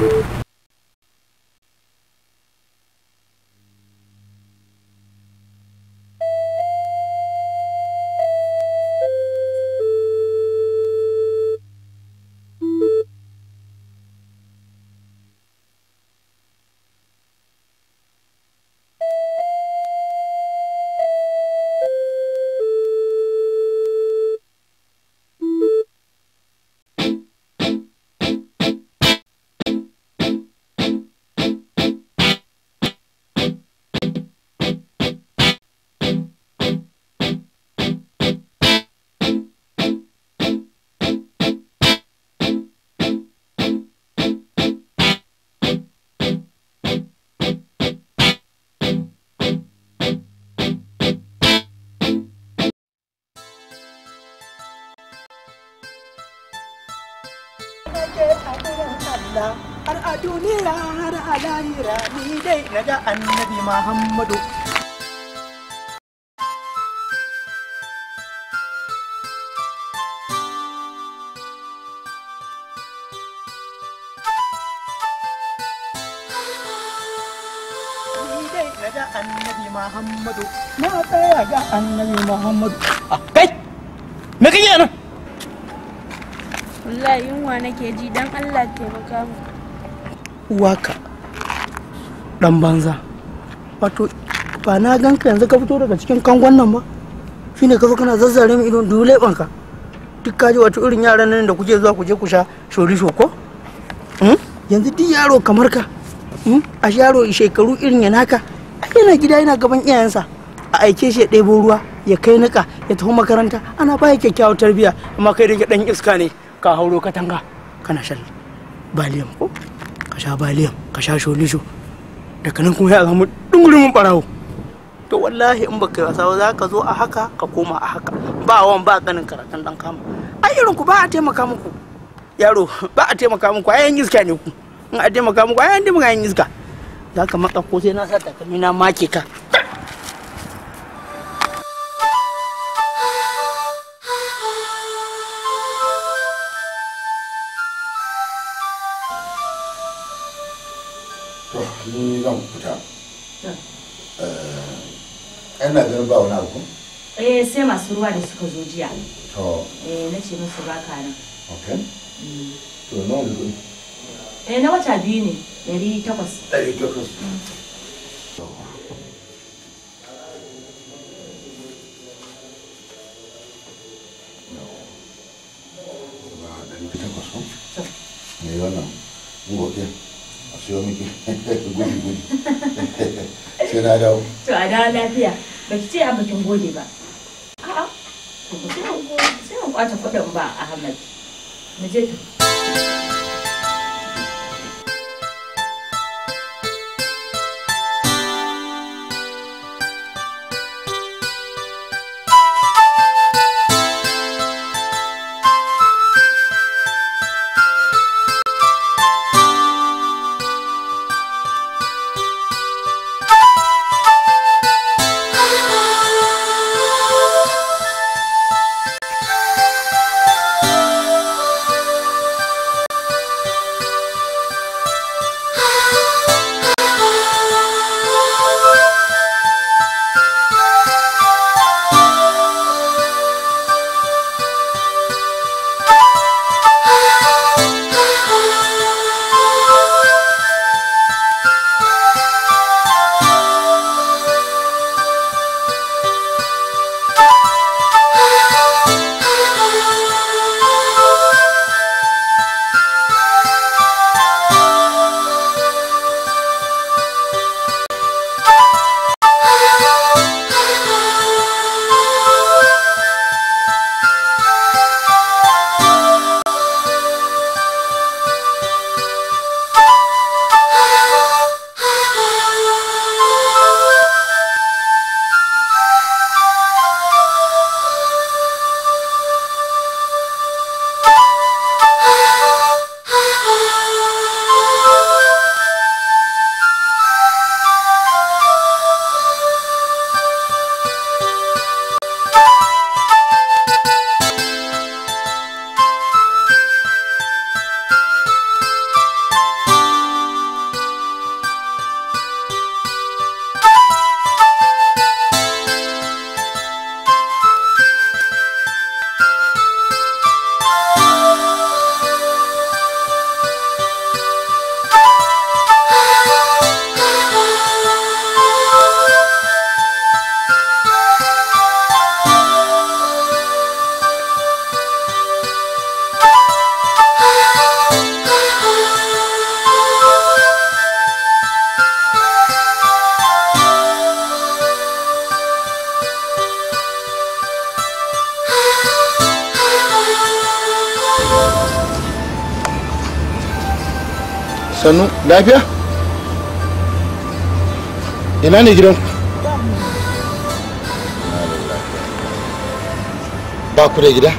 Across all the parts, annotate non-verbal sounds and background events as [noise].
Thank you. Allah har a duniya har a lahira ni dai naga annabi Muhammadu annabi Muhammadu na tsaya ga annabi Muhammadu a kai wallahi yunwa nake ji dan Allah taimaka mu dan banza wato ba na ganka yanzu ka fito daga cikin kangon nan ba shine ka zo kana zazzare min idon dole banka duk ka ji wato irin yaran nan da kuke zuwa ku je ku sha shori shoko hmm? yanzu duk yaro kamar ka hmm? a yaro shekaru irin ya naka yana gida yana gaban iyayensa a aike shi ya ɗebo ruwa ya kai nika ya tafi makaranta ana baya kyakkyawar tarbiyya amma kai da ɗan iska ne ka hauro katanga kana shan baliyam ko ka sha baliyam ka sha sholisho daga nan kuma ya zama dungurumin barawo to wallahi in baka wasa ba za ka zo a haka ka koma a haka ba wan ba ganin karatun dan kama ai irin ku ba a taimaka muku yaro [laughs] ba a taimaka muku ai yan iska ne ku in a taimaka muku ai yan dimga yan iska za ka matsa ko sai na sa takalmi na make ka ina ganin ba wani abu eh sai masu ruwa da suka zo jiya to eh na ce musu ba ka nan okay mm. to na nawa ne eh na wata biyu ne ɗari takwas ɗari takwas mm. [laughs] [laughs] sai na dawo to a dawo lafiya ba ki ce kin gode ba a'a sai mu kwace kuɗin ba Ahmad mu je ta Lafiya? Ina ne gidanku? Ba ku da gida?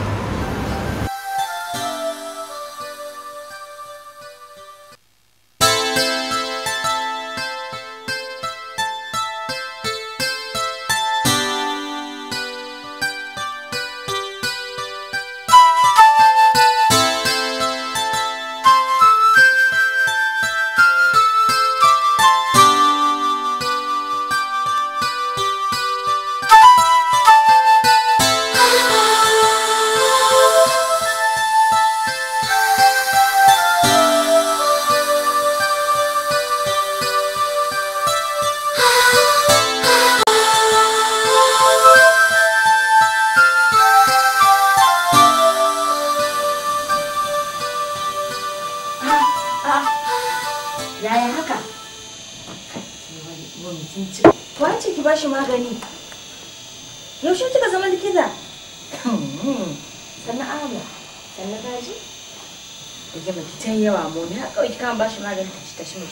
私も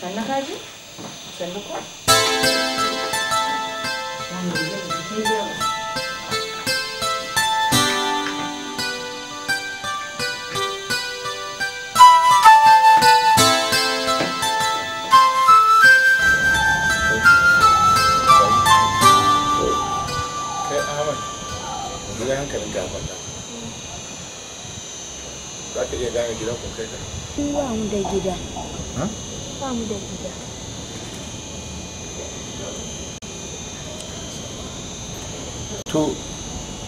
そんな感じそんな子なんで全部平気 hankalin gaban da za iya gane ku kai ba mu da gida ba mu da gida to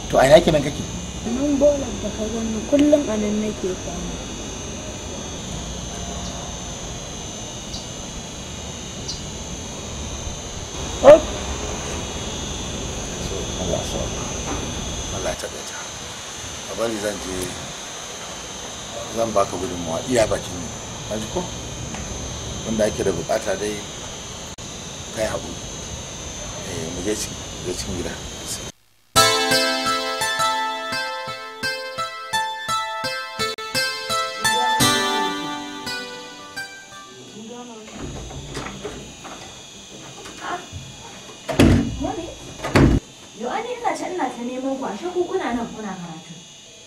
to a yake kake nan bola da ka gani kullum a nan nake kwana Allah ta gaja. A bari zan je zan baka mawa iya bakin ne ka ko wanda ake da bukata dai kai haƙuri eh, mu je cikin gida Yoani ina ina ta neman kwashe kukuna kuna nan kuna karatu.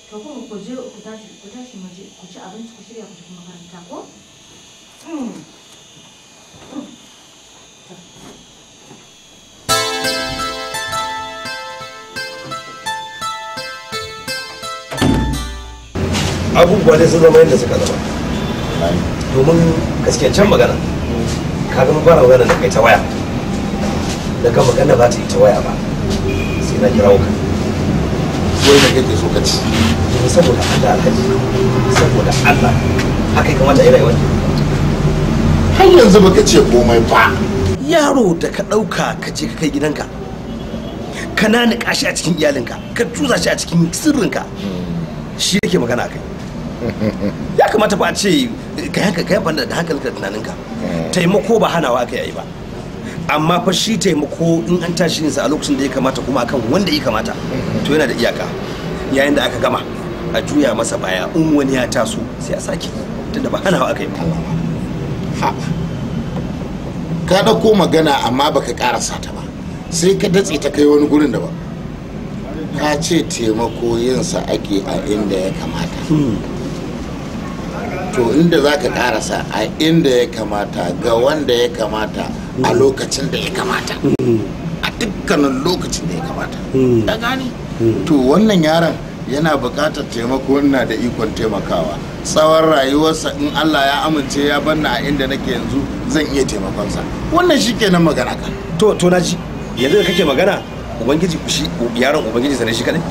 to kuma ku je ku tashi ku tashi mu je ku ci abinci ku shirya ku tafi makaranta ko abubuwa dai sun zama yadda suka zama domin gaskiya can magana ka gama fara magana da kai ta waya da kan magana ba ta yi ta waya ba sai na kira ka wai da kake so ka ci saboda Allah alhaji saboda Allah haka kamata ya rayuwar har yanzu baka ce komai ba yaro da ka ɗauka ka je ka kai gidanka ka nanika shi a cikin iyalinka ka tuza shi a cikin sirrinka shi yake magana a kai ya kamata ba a ce ka yanka ka yanka da hankalinka tunaninka hmm. taimako ba hanawa aka yi ba amma fa shi taimako in an tashi nisa a lokacin da ya kamata kuma akan wanda ya kamata to yana da iyaka yayin da aka gama a juya masa baya in wani ya taso sai a sake tunda ba hana aka yi ka ko magana amma baka ƙarasa ta ba sai ka datse ta kai wani gurin da ba ka ce taimako yinsa ake a inda ya kamata hmm. to inda za ka ƙarasa a inda ya kamata ga wanda ya kamata a lokacin da ya kamata a dukkanin lokacin da ya kamata da gani to wannan yaron yana buƙatar taimako na da ikon taimakawa tsawon rayuwarsa in allah ya amince ya banna a inda nake yanzu zan iya taimakonsa wannan shi kenan magana kan to to na ji yanzu da kake magana ubangiji shi yaron ubangiji sa shi kadai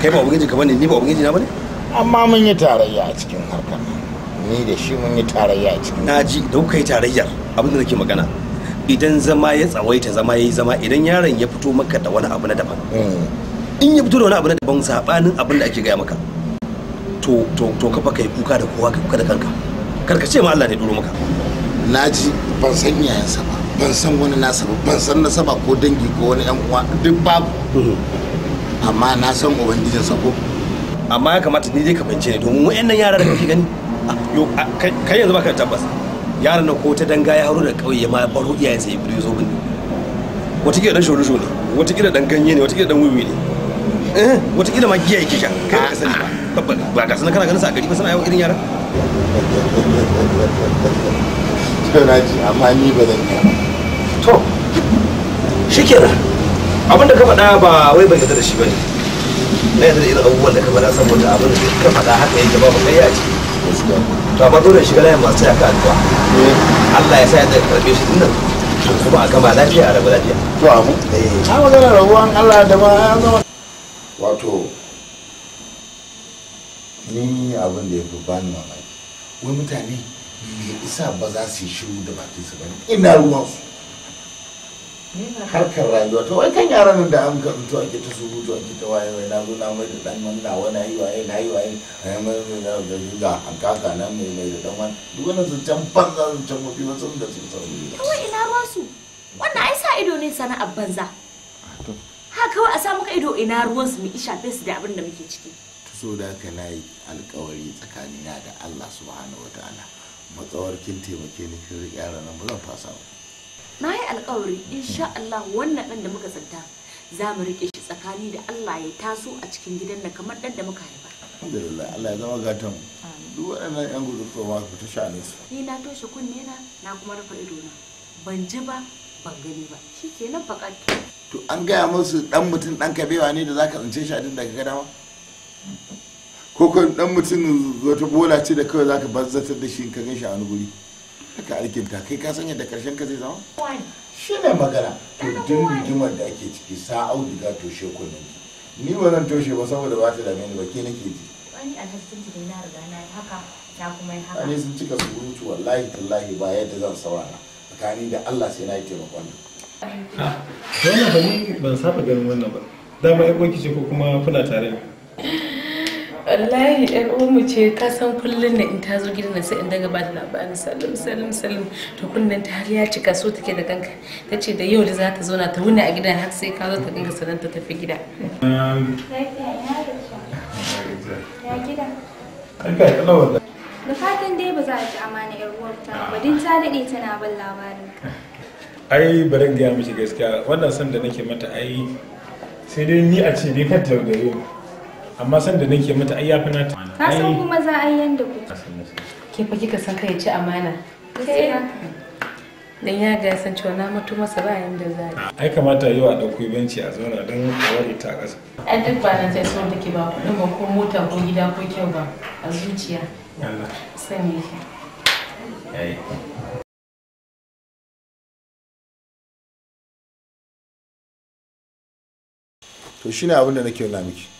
kai ba ubangiji ka bane ni ba ubangiji na bane amma mun yi tarayya a cikin harkar ni da shi mun yi tarayya a cikin na ji da kuka yi tarayyar abinda nake magana idan zama ya tsawaita zama ya yi zama idan yaron ya fito maka da wani abu na daban in ya fito da wani abu na daban sabanin abin da ake gaya maka to to to ka fa kai kuka da kowa ka kuka da kanka karkace ma Allah ne duro maka naji ban san sa ba ban san wani nasa ba ban san nasaba ko dangi ko wani yan uwa duk babu mhm. amma na san sa ko amma ya kamata ni dai ka fahimce ne domin wayannan yaran da kake gani ka yanzu baka tabbas yaran nan ko ta danga ya haru da kauye ma baro iyayensa ya gudu ya zo wata watakila dan shoro ne watakila dan ganye ne wata watakila dan wiwi ne eh wata watakila ma giya yake sha kai ka sani ba ba ka sani kana ganin sa gari ba sana yau irin yaran to na ji amma ni ba zan yi to shikenan abin da ka faɗa ba wai ban yarda da shi bane na yarda da irin abubuwan da ka faɗa saboda abin da ka faɗa haka yake ba ba kai ya ce to amma shiga layin masu yaka addu'a eh. Allah ya sa ya karbe shi dinnan kuma a gama lafiya a rabu lafiya to abu eh ta magana ya wato ni abin da ya fi bani mamaki wai mutane me isa ba za su yi shiru da bakin su ba ina ruwan harkar rayuwa to wai kan yaran da an ka zuto ake ta surutu ake ta waye waye na zo na mai da dan wani nawa na yi waye na yi waye na yi mai da da ga ka na mai mai da dan wani duk wani zancen banza can mafi wasu da su sauri kawai ina ruwa su wannan ai sa ido ne sana'ar banza ha kawai a sa maka ido ina ruwan su mu isha su da abin da muke ciki so da ka na yi alkawari tsakanina da Allah subhanahu wataala matsawar kin taimake ni kin riƙe yaran nan ba zan fasa ba na yi alkawari insha Allah wannan ɗan da muka zanta za mu riƙe shi tsakani da Allah ya taso a cikin gidan nan kamar ɗan da muka haifa. Alhamdulillah Allah ya zama gatan duk waɗannan 'yan gudun ma ku ta sha'anin su. Ni na toshe kunne na na kuma rufe ido na ban ji ba ban gani ba shi nan fakat. To an gaya musu ɗan mutum ɗan kabewa ne da za ka tsince shi a din da ka gada ma? Ko kuma ɗan mutum wata bola ce da kawai za ka bazzatar da shi in ka gan shi a wani guri. haka aikin ta kai ka sanya yadda karshen ka zai zama shi ne magana to din rigimar da ake ciki sa auduga toshe kullum ni ba zan toshe ba saboda ba ta dame ni ba ke nake ji wani alhaji cikin ci na riga na haka ta kuma yi haka sun cika surutu wallahi tallahi ba yadda zan saurara tsakani da Allah sai na yi taimakon wannan ba ni ban saba ganin wannan ba dama ya ce ko kuma kuna tare ne wallahi yan uwanmu ce ka san kullum da in ta zo gidan nan sai in daga ba da labarin salim salim salim to kullum ta har ya cika so take da kanka ta ce da yau da za ta zauna ta wuni a gidan har sai ka zo ta dinga sanar ta tafi gida. Da fatan dai ba za a ci amana yar uwarta ba din ta dade tana ban labarin. Ai barin gaya miki gaskiya wannan son da nake mata ai sai dai ni a ce dai kan da mu. amma san da nake mata ai yafi nata ka san kuma za a yanda ku ke fa kika san kai ci amana dan ya ga san cewa na mutu masa ba yanda za a ai kamata yau a dauko benci a zauna dan kawar ta kasa a duk ba nan sai son take ba dan ba ko mota ko gida ko kyau ba a zuciya Allah sani ai to shine abin da nake nuna miki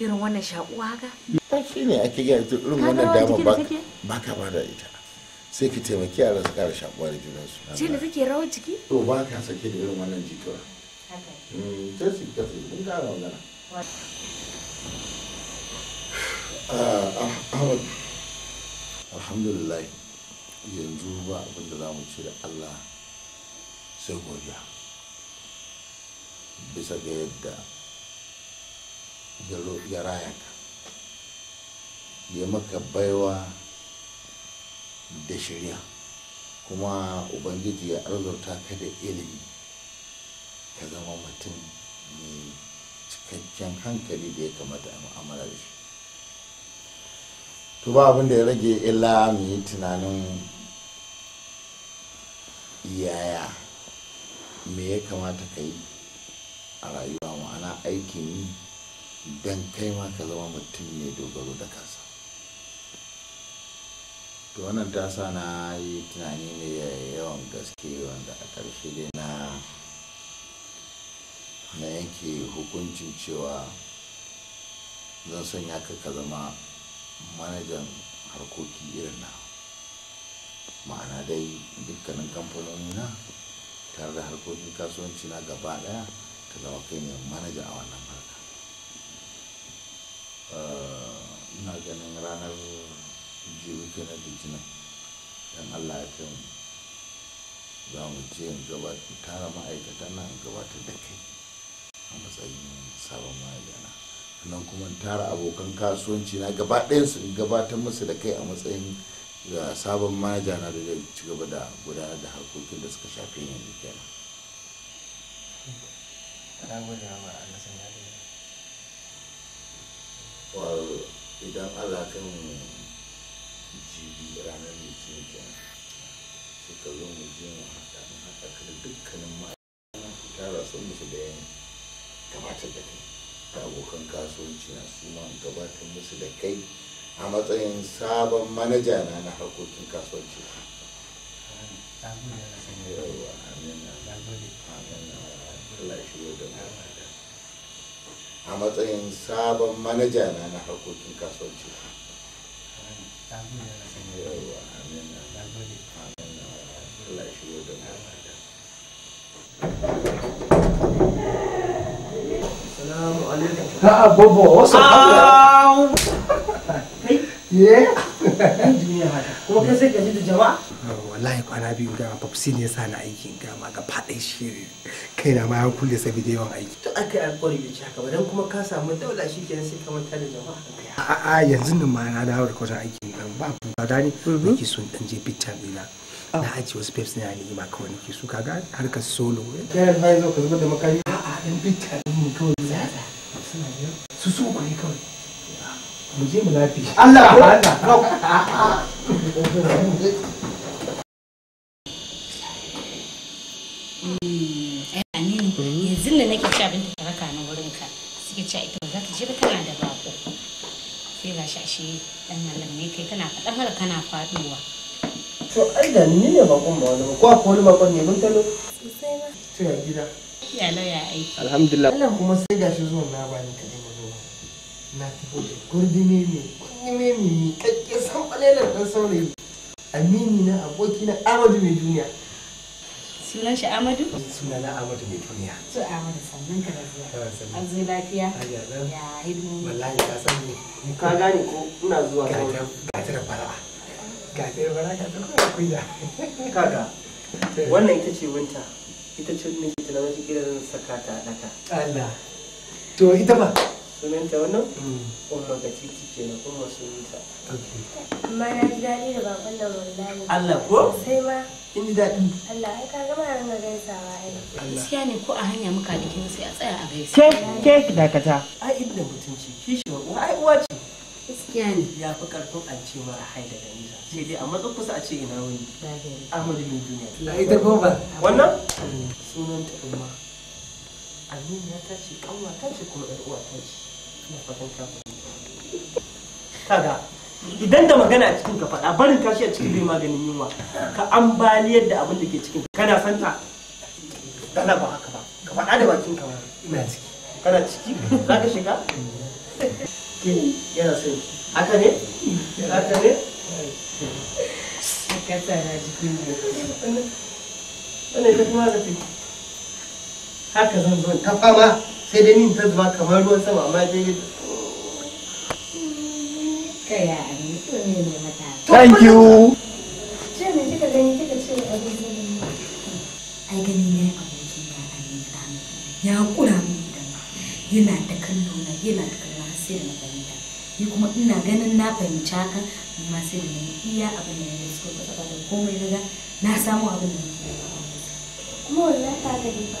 irin wannan shakuwa haka? ta shi ne ake gina ita irin wannan ba ka ba da ita sai ki taimaki yaran su kara da ce da take rawar to ba ka sake da irin wannan jituwa hmm, su ka kun kara magana ah, ah, ahmad alhamdulillah yanzu ba abin da za mu ce da allah sai godiya bisa ga yadda ya raya ka ya maka baiwa da shirya kuma ubangiji ya arzurta ka da ilimi ka zama mutum mai cikakken hankali da ya kamata a mu'amala da shi to ba abin da ya rage illa mu yi tunanin yaya me ya kamata ka yi a rayuwa ma'ana aikin yi don kai ma ka zama mutum ne dogaro da kansa to wannan ta sa na yi tunani ya yawan gaske wanda a ƙarshe dai na na yanke hukuncin cewa zan sanya ka ka zama manajan harkoki irin na ma'ana dai dukkanin kamfanoni na tare da harkokin kasuwanci na gaba daya ka zama kai ne manaja a wannan harka eh, ina ganin ranar jiwuke na litinin don allah ya kai za mu je in gabata tara ma'aikatan nan gabata da kai a matsayin sabon ma'aikana nan kuma tara abokan kasuwanci na gaba su gabatar musu da kai a matsayin eh, sabon manaja na da zai ci gaba da gudanar da harkokin da suka shafi yanzu kenan na gode wa Allah sun ya gode kan jibi ranar litinin kenan sai ka zo mu je mu haɗa mu haɗa ka da dukkanin ma'aikatan tara musu da yin gabatar kai da abokan kasuwanci na suma ma gabatar musu da kai a matsayin sabon manaja na na harkokin kasuwanci. Na gode. Allah yau da a matsayin sabon manaja na na harkokin kasuwanci Allah yau da mu Ha, bobo, what's up? Yeah. kai sai ka ji da jama'a? Wallahi kwana biyu ga fafsi ya sa ni aikin gama ga faɗin shiri. na ma ya kulle da yawan aiki to aka yi alƙawari bai ci haka ba dan kuma ka samu daula shi kenan sai ka manta da jama'a a'a yanzu nan ma na dawo da kwatan aiki ba ba da ni mhm. nake so dan je picture dina ah. na aji wasu peps na ni ma kawai nake so kaga harkar solo yayin fa zo ka zuba da makari a'a dan picture din mu kawai zaza suna su su ku ne kawai mu je mu lafi Allah [laughs] Allah baka na suke ce ita za ta je ba tana da bako sai ga shi ashe dan malam ne kai kana kaɗan haka kana faduwa to ai da ni ne bakon ba wani ba ko akwai wani bakon ne mun talo. to ya gida. ya ya aiki. alhamdulillah. Allah kuma sai ga shi zuwa na ba ni ka mu mazo na tafi da gurdine ne kunne ne mai kakke san ɓalelar dan saurayi amini na abokina amadu mai duniya. sunan shi amadu suna na amadu mai duniya to amadu sannan ka an lafiya ya wallahi ka san ni ka gane ko ina zuwa gatar fara'a gatar fara'a ta kuma kuya kaga wannan ita ce winta ita ce nake tunanin kira zan saka ta daka Allah to ita ba sunanta wannan mm. umma ga titi kenan umma sunanta amma na ji daɗi da bakon da wallahi Allah ko sai ma in ji daɗi Allah ai ka gama ran gaisawa ai gaskiya ne ko a hanya muka da kin sai a tsaya a gaisa ke ke dakata ai inda mutunci kishi wa ai uwa ce gaskiya ne ya fi karfin an ce mara haida da nisa sai dai a matsa kusa a ce ina wani ahmadu mai duniya a ita ko ba wannan mm. sunan ta umma amina ta ce kanwa tashi? kuma yar uwa ta kaga idan da magana a cikin ka faɗa barin kashi a cikin bai ganin yunwa ka ambaliyar da abin da ke cikin kana santa kana ba haka ba ka faɗa da bakin ka ina ciki kana ciki za ka shiga ke yana sai haka ne haka ne ka tsara jikin ne wannan ita kuma haka zan zo ka fama sai dai nin ta zuba kamar ruwan sama amma dai kaya ne thank you gani ai gani ne abokin da an yi ya kura min da yana da kallo na yana da kallo har sai na fahimta ni kuma ina ganin na fahimci haka amma sai da ni iya abin da ya suka kwata da komai na na samu abin da ya kuma wallahi ka gani ba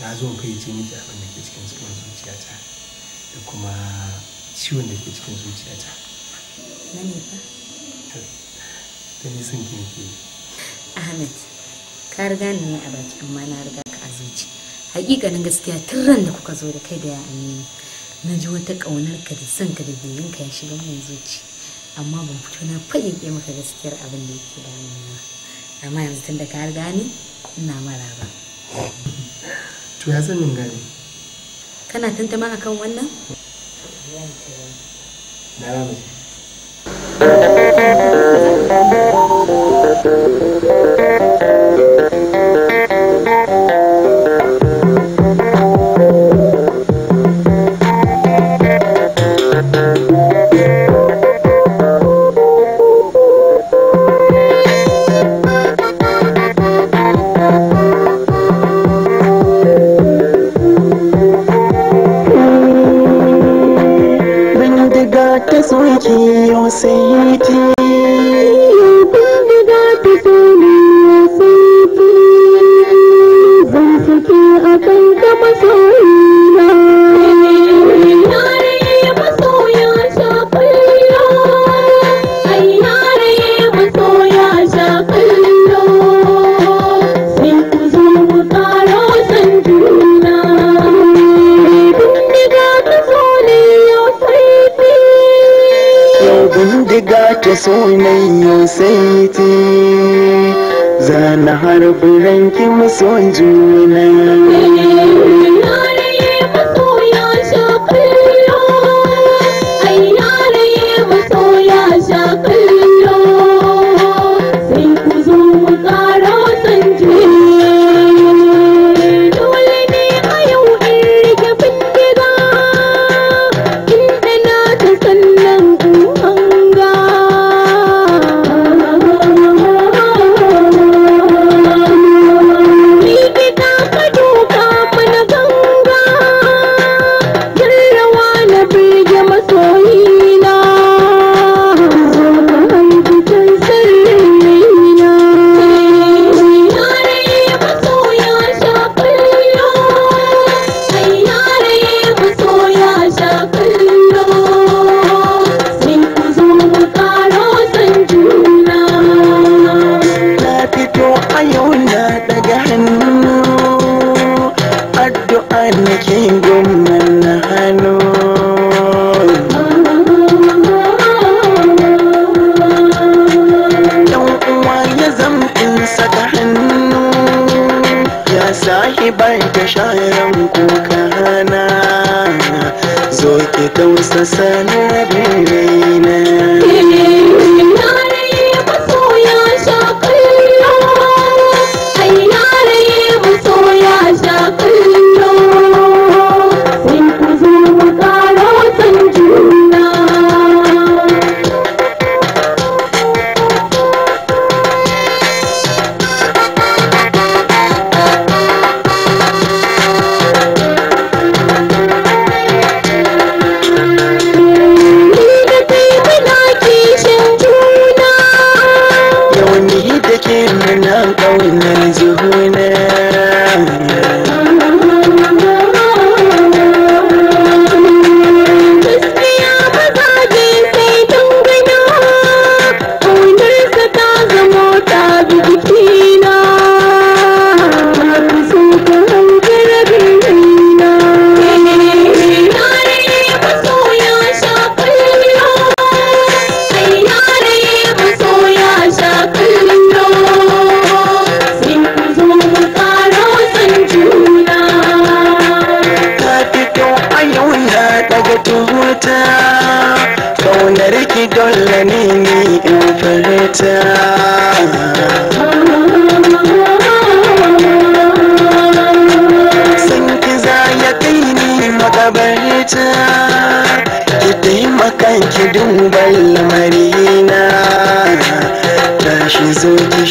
na zo fahimci miki abin da ke cikin cikin zuciyata da kuma ciwon da ke cikin zuciyata na ne ba? ta nisan ki nake ahmed ka riga ni ne a baki amma na riga ka a zuci hakikanin gaskiya tun ran da kuka zo da kai da ya amini na ji wata ƙaunar ka da son ka da biyun ka ya shiga min zuci amma ban fito na fayyace maka gaskiyar abin da yake damuna amma yanzu tun da ka riga ni ina ba. to ya sanin gane kana tantama akan wannan na ramu mai yosaiti zana harbin ranki masoyin juna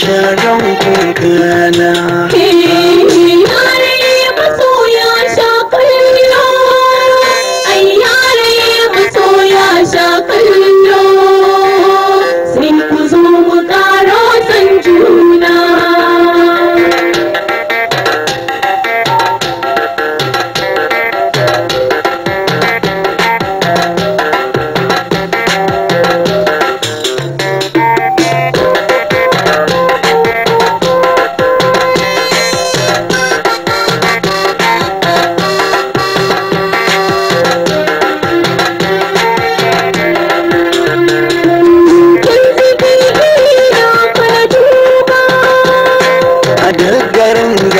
ra rong cùng cười கருங்க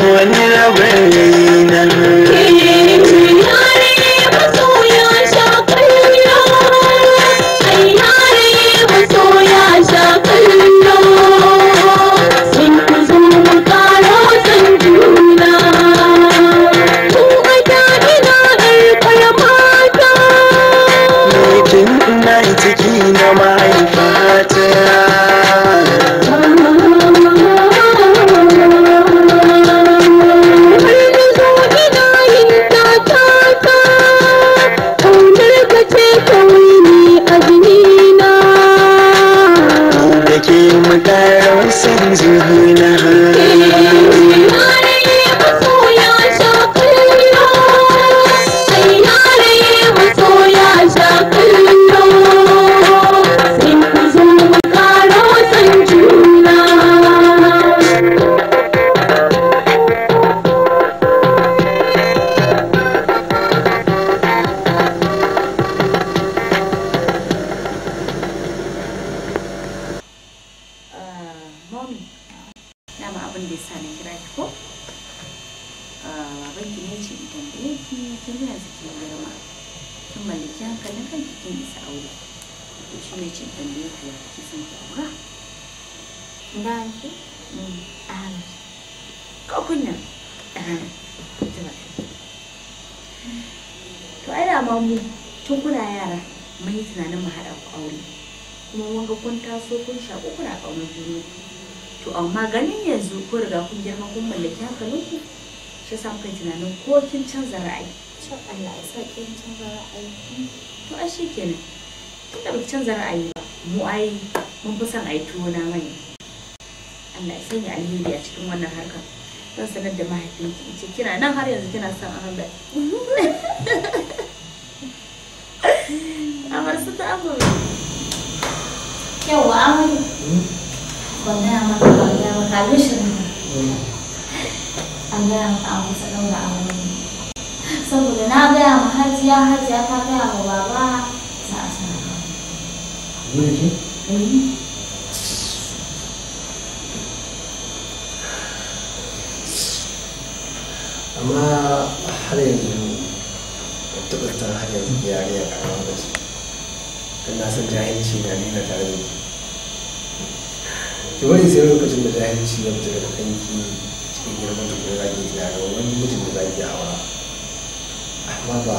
هو البين kai tunanin ko kin canza ra'ayi can Allah ya sa kin canza ra'ayi to a shi kenan tunda ba canza ra'ayi ba mu ai mun fi son ayi tuwo na mai Allah ya sanya alheri a cikin wannan harka zan sanar da mahaifinki in ce kina nan har yanzu kina son Ahmad [laughs] Amar su ta abu yawwa Amadu ban gaya maka ban gaya maka alishin an maka ɗaura saboda na gaya ma hajiya hajiya ta gaya ma baba za a sa amma har yanzu tabbatar har yanzu yare ya karawa da su kan na san jahilci na nuna tare da ki bari sai lokacin da jahilci ya fita daga kanki cikin girman da kuma zaki gida yaro wani mutum da zaki aura amma ba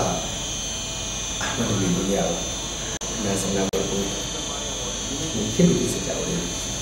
Ahmad mai duniya ba na san na farko ne kebe da su ta wani